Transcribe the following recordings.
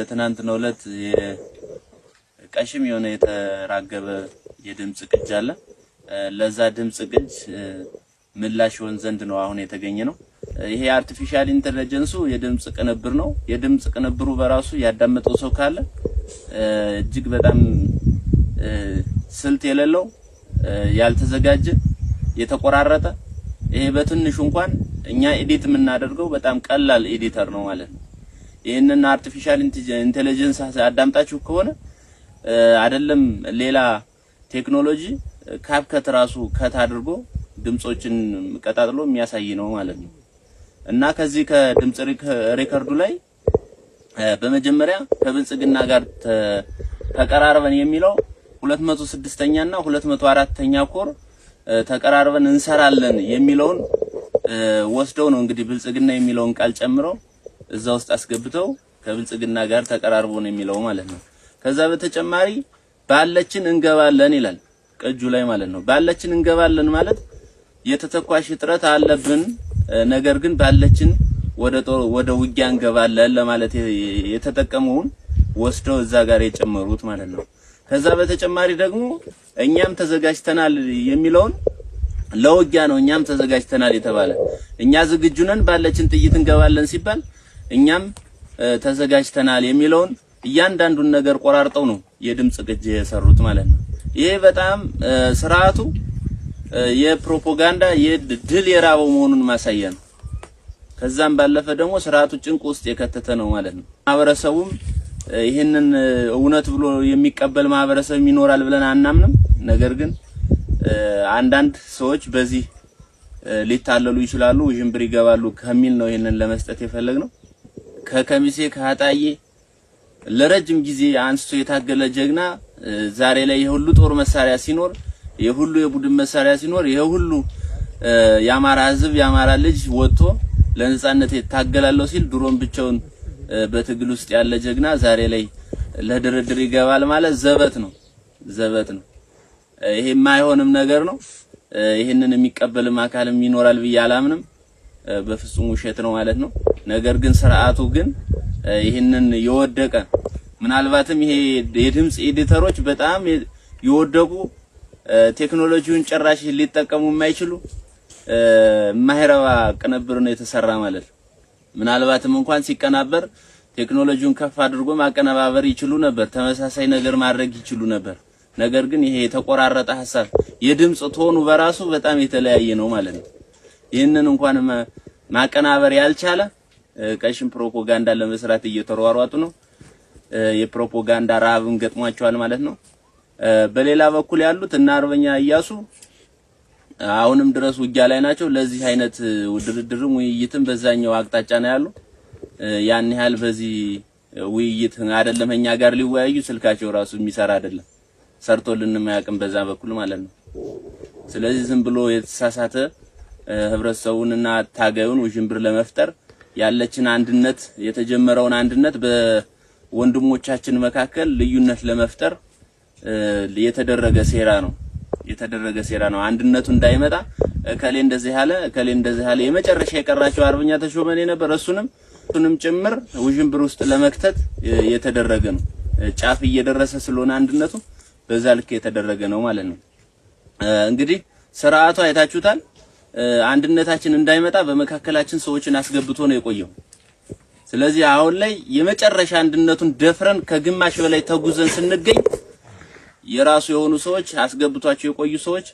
በትናንትናው ዕለት ቀሽም የሆነ የተራገበ የድምፅ ቅጅ አለ። ለዛ ድምፅ ቅጅ ምላሽ ይሆን ዘንድ ነው አሁን የተገኘ ነው። ይሄ አርቲፊሻል ኢንተለጀንሱ የድምፅ ቅንብር ነው። የድምፅ ቅንብሩ በራሱ ያዳመጠው ሰው ካለ እጅግ በጣም ስልት የሌለው ያልተዘጋጀ፣ የተቆራረጠ ይሄ በትንሹ እንኳን እኛ ኤዲት የምናደርገው በጣም ቀላል ኤዲተር ነው ማለት ነው። ይህንን አርቲፊሻል ኢንቴሊጀንስ አዳምጣችሁ ከሆነ አይደለም ሌላ ቴክኖሎጂ ካፕከት ራሱ ከት አድርጎ ድምጾችን ቀጣጥሎ የሚያሳይ ነው ማለት ነው። እና ከዚህ ከድምጽ ሪከርዱ ላይ በመጀመሪያ ከብልጽግና ጋር ተቀራርበን የሚለው 206ኛ እና 204ኛ ኮር ተቀራርበን እንሰራለን የሚለውን ወስደው ነው እንግዲህ ብልጽግና የሚለውን ቃል ጨምረው እዛ ውስጥ አስገብተው ከብልጽግና ጋር ተቀራርቦ ነው የሚለው ማለት ነው። ከዛ በተጨማሪ ባለችን እንገባለን ይላል ቀጁ ላይ ማለት ነው። ባለችን እንገባለን ማለት የተተኳሽ እጥረት አለብን፣ ነገር ግን ባለችን ወደ ጦር ወደ ውጊያ እንገባለን ለማለት የተጠቀመውን ወስደው እዛ ጋር የጨመሩት ማለት ነው። ከዛ በተጨማሪ ደግሞ እኛም ተዘጋጅተናል የሚለውን ለውጊያ ነው እኛም ተዘጋጅተናል የተባለ እኛ ዝግጁ ነን፣ ባለችን ጥይት እንገባለን ሲባል እኛም ተዘጋጅተናል የሚለውን እያንዳንዱን ነገር ቆራርጠው ነው የድምጽ ቅጅ የሰሩት ማለት ነው። ይሄ በጣም ስርዓቱ የፕሮፓጋንዳ የድል የራበው መሆኑን ማሳያ ነው። ከዛም ባለፈ ደግሞ ስርዓቱ ጭንቅ ውስጥ የከተተ ነው ማለት ነው። ማህበረሰቡም ይህንን እውነት ብሎ የሚቀበል ማህበረሰብ ይኖራል ብለን አናምንም። ነገር ግን አንዳንድ ሰዎች በዚህ ሊታለሉ ይችላሉ፣ ውዥንብር ይገባሉ ከሚል ነው ይህንን ለመስጠት የፈለግ ነው። ከከሚሴ ከአጣዬ ለረጅም ጊዜ አንስቶ የታገለ ጀግና ዛሬ ላይ የሁሉ ጦር መሳሪያ ሲኖር የሁሉ የቡድን መሳሪያ ሲኖር የሁሉ የአማራ ሕዝብ የአማራ ልጅ ወጥቶ ለነጻነት የታገላለሁ ሲል ድሮን ብቻውን በትግል ውስጥ ያለ ጀግና ዛሬ ላይ ለድርድር ይገባል ማለት ዘበት ነው፣ ዘበት ነው። ይሄ የማይሆንም ነገር ነው። ይህንን የሚቀበልም አካልም ይኖራል ብዬ አላምንም። በፍጹም ውሸት ነው ማለት ነው። ነገር ግን ስርዓቱ ግን ይህንን የወደቀ ምናልባትም ይሄ የድምፅ ኤዲተሮች በጣም የወደቁ ቴክኖሎጂውን ጭራሽ ሊጠቀሙ የማይችሉ ማይረባ ቅንብር ነው የተሰራ ማለት ነው። ምናልባትም እንኳን ሲቀናበር ቴክኖሎጂውን ከፍ አድርጎ ማቀነባበር ይችሉ ነበር። ተመሳሳይ ነገር ማድረግ ይችሉ ነበር። ነገር ግን ይሄ የተቆራረጠ ሀሳብ የድምጽ ቶኑ በራሱ በጣም የተለያየ ነው ማለት ነው። ይህንን እንኳን ማቀናበር ያልቻለ ቀሽም ፕሮፓጋንዳ ለመስራት እየተሯሯጡ ነው። የፕሮፓጋንዳ ራብን ገጥሟቸዋል ማለት ነው። በሌላ በኩል ያሉት እና አርበኛ እያሱ አሁንም ድረስ ውጊያ ላይ ናቸው። ለዚህ አይነት ድርድርም ውይይትም በዛኛው አቅጣጫ ነው ያሉ። ያን ያህል በዚህ ውይይት አይደለም እኛ ጋር ሊወያዩ ስልካቸው ራሱ የሚሰራ አይደለም ሰርቶልን ማያውቅም በዛ በኩል ማለት ነው። ስለዚህ ዝም ብሎ የተሳሳተ ህብረተሰቡንና ታጋዩን ውዥንብር ለመፍጠር ያለችን አንድነት የተጀመረውን አንድነት በወንድሞቻችን መካከል ልዩነት ለመፍጠር የተደረገ ሴራ ነው የተደረገ ሴራ ነው። አንድነቱ እንዳይመጣ እከሌ እንደዚህ አለ እከሌ እንደዚህ አለ። የመጨረሻ የቀራቸው አርበኛ ተሾመኔ ነበር። እሱንም እሱንም ጭምር ውዥንብር ውስጥ ለመክተት የተደረገ ነው። ጫፍ እየደረሰ ስለሆነ አንድነቱ በዛ ልክ የተደረገ ነው ማለት ነው። እንግዲህ ስርዓቱ አይታችሁታል። አንድነታችን እንዳይመጣ በመካከላችን ሰዎችን አስገብቶ ነው የቆየው። ስለዚህ አሁን ላይ የመጨረሻ አንድነቱን ደፍረን ከግማሽ በላይ ተጉዘን ስንገኝ የራሱ የሆኑ ሰዎች አስገብቷቸው የቆዩ ሰዎች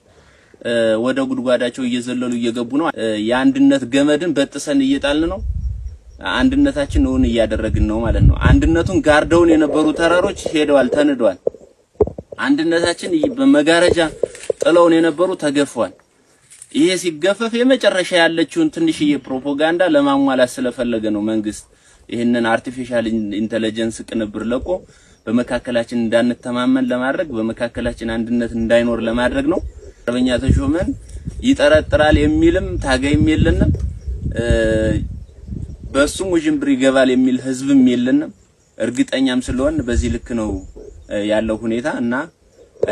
ወደ ጉድጓዳቸው እየዘለሉ እየገቡ ነው። የአንድነት ገመድን በጥሰን እየጣልን ነው። አንድነታችን እውን እያደረግን ነው ማለት ነው። አንድነቱን ጋርደውን የነበሩ ተራሮች ሄደዋል፣ ተንደዋል። አንድነታችን በመጋረጃ ጥለውን የነበሩ ተገፈዋል። ይሄ ሲገፈፍ የመጨረሻ ያለችውን ትንሽዬ ፕሮፓጋንዳ ለማሟላት ስለፈለገ ነው መንግስት ይህንን አርቲፊሻል ኢንተለጀንስ ቅንብር ለቆ በመካከላችን እንዳንተማመን ለማድረግ በመካከላችን አንድነት እንዳይኖር ለማድረግ ነው። አርበኛ ተሾመን ይጠረጥራል የሚልም ታጋይም የለንም፣ በሱም ውዥንብር ይገባል የሚል ህዝብም የለንም። እርግጠኛም ስለሆን በዚህ ልክ ነው ያለው ሁኔታ እና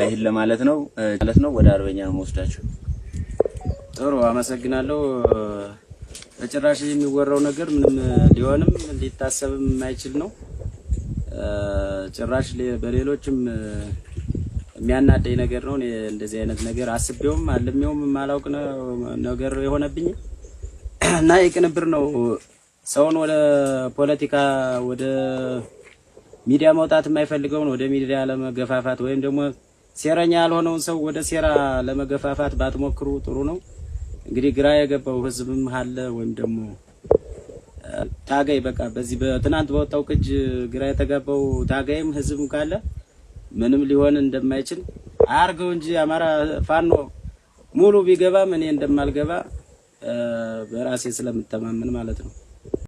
ይህን ለማለት ነው ማለት ነው። ወደ አርበኛ ነው መወስዳቸው ጥሩ አመሰግናለሁ። በጭራሽ የሚወራው ነገር ምንም ሊሆንም ሊታሰብም የማይችል ነው። ጭራሽ በሌሎችም የሚያናደኝ ነገር ነው። እኔ እንደዚህ አይነት ነገር አስቤውም አልሜውም የማላውቅ ነገር የሆነብኝ እና የቅንብር ነው። ሰውን ወደ ፖለቲካ ወደ ሚዲያ መውጣት የማይፈልገውን ወደ ሚዲያ ለመገፋፋት ወይም ደግሞ ሴረኛ ያልሆነውን ሰው ወደ ሴራ ለመገፋፋት ባትሞክሩ ጥሩ ነው። እንግዲህ ግራ የገባው ህዝብም አለ ወይም ደግሞ ታጋይ በቃ በዚህ በትናንት በወጣው ቅጅ ግራ የተጋባው ታጋይም ህዝብም ካለ ምንም ሊሆን እንደማይችል አርገው እንጂ አማራ ፋኖ ሙሉ ቢገባም እኔ እንደማልገባ በራሴ ስለምተማመን ማለት ነው።